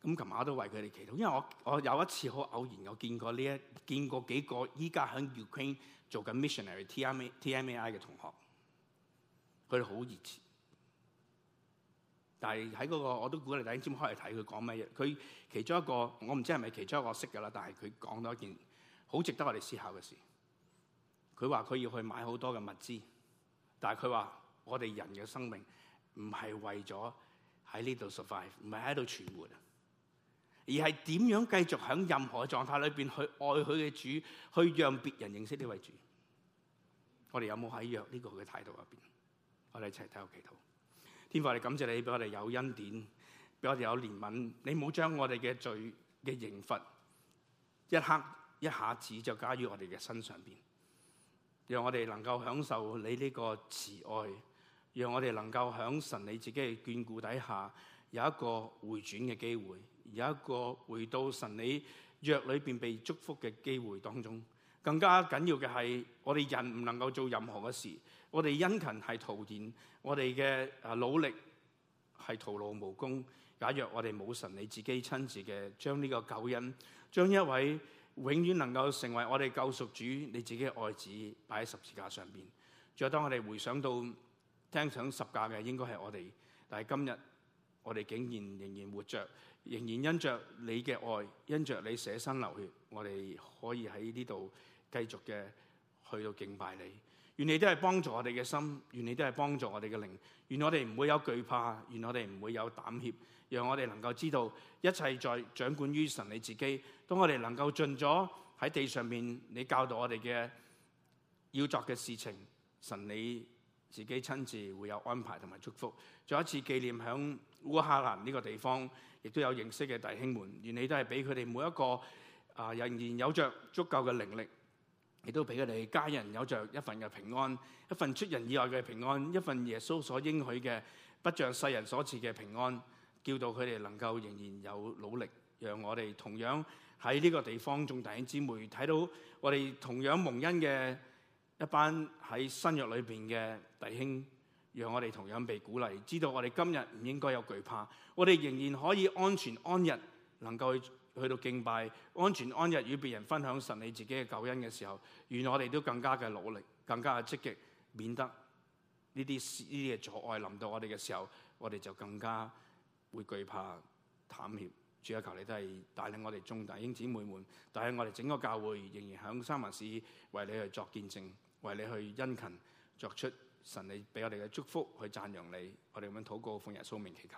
咁，琴晚我都為佢哋祈禱，因為我我有一次好偶然，我見過呢一見過幾個依家喺 Ukraine 做緊 missionary T M T M A I 嘅同學，佢哋好熱情。但係喺嗰個我都估你睇尖開嚟睇佢講咩嘢。佢其，其中一個我唔知係咪其中一個識噶啦，但係佢講到一件好值得我哋思考嘅事。佢話佢要去買好多嘅物資，但係佢話我哋人嘅生命唔係為咗喺呢度 survive，唔係喺度存活。而係點樣繼續喺任何狀態裏邊去愛佢嘅主，去讓別人認識呢位主？我哋有冇喺約呢個嘅態度入邊？我哋一齊睇下祈禱。天父，我哋感謝你俾我哋有恩典，俾我哋有憐憫。你冇將我哋嘅罪嘅刑罰，一刻一下子就加於我哋嘅身上邊，讓我哋能夠享受你呢個慈愛，讓我哋能夠喺神你自己嘅眷顧底下有一個回轉嘅機會。有一個回到神你約裏邊被祝福嘅機會當中，更加緊要嘅係我哋人唔能夠做任何嘅事，我哋殷勤係徒然，我哋嘅努力係徒勞無功。假若我哋冇神你自己親自嘅將呢個救恩，將一位永遠能夠成為我哋救贖主你自己嘅愛子擺喺十字架上邊，再當我哋回想到釘上十架嘅應該係我哋，但係今日。我哋竟然仍然活着，仍然因着你嘅愛，因着你捨身流血，我哋可以喺呢度繼續嘅去到敬拜你。願你都係幫助我哋嘅心，願你都係幫助我哋嘅靈，願我哋唔會有懼怕，願我哋唔會有膽怯，讓我哋能夠知道一切在掌管於神你自己。當我哋能夠盡咗喺地上面，你教導我哋嘅要作嘅事情，神你。自己親自會有安排同埋祝福，再一次紀念響烏克蘭呢個地方，亦都有認識嘅弟兄們，願你都係俾佢哋每一個啊仍、呃、然有着足夠嘅靈力，亦都俾佢哋家人有着一份嘅平安，一份出人意外嘅平安，一份耶穌所應許嘅不像世人所賜嘅平安，叫到佢哋能夠仍然有努力，讓我哋同樣喺呢個地方，眾弟兄姊妹睇到我哋同樣蒙恩嘅。一班喺新約裏邊嘅弟兄，讓我哋同樣被鼓勵，知道我哋今日唔應該有懼怕，我哋仍然可以安全安逸能夠去到敬拜，安全安逸與別人分享神你自己嘅救恩嘅時候，願我哋都更加嘅努力，更加嘅積極，免得呢啲呢啲嘅阻礙臨到我哋嘅時候，我哋就更加會懼怕膽怯。主啊，求你都係帶領我哋眾弟兄姊妹們，帶領我哋整個教會仍然響三文市為你去作見證。為你去殷勤作出神，你俾我哋嘅祝福，去讚揚你，我哋咁樣禱告，奉耶穌名祈求。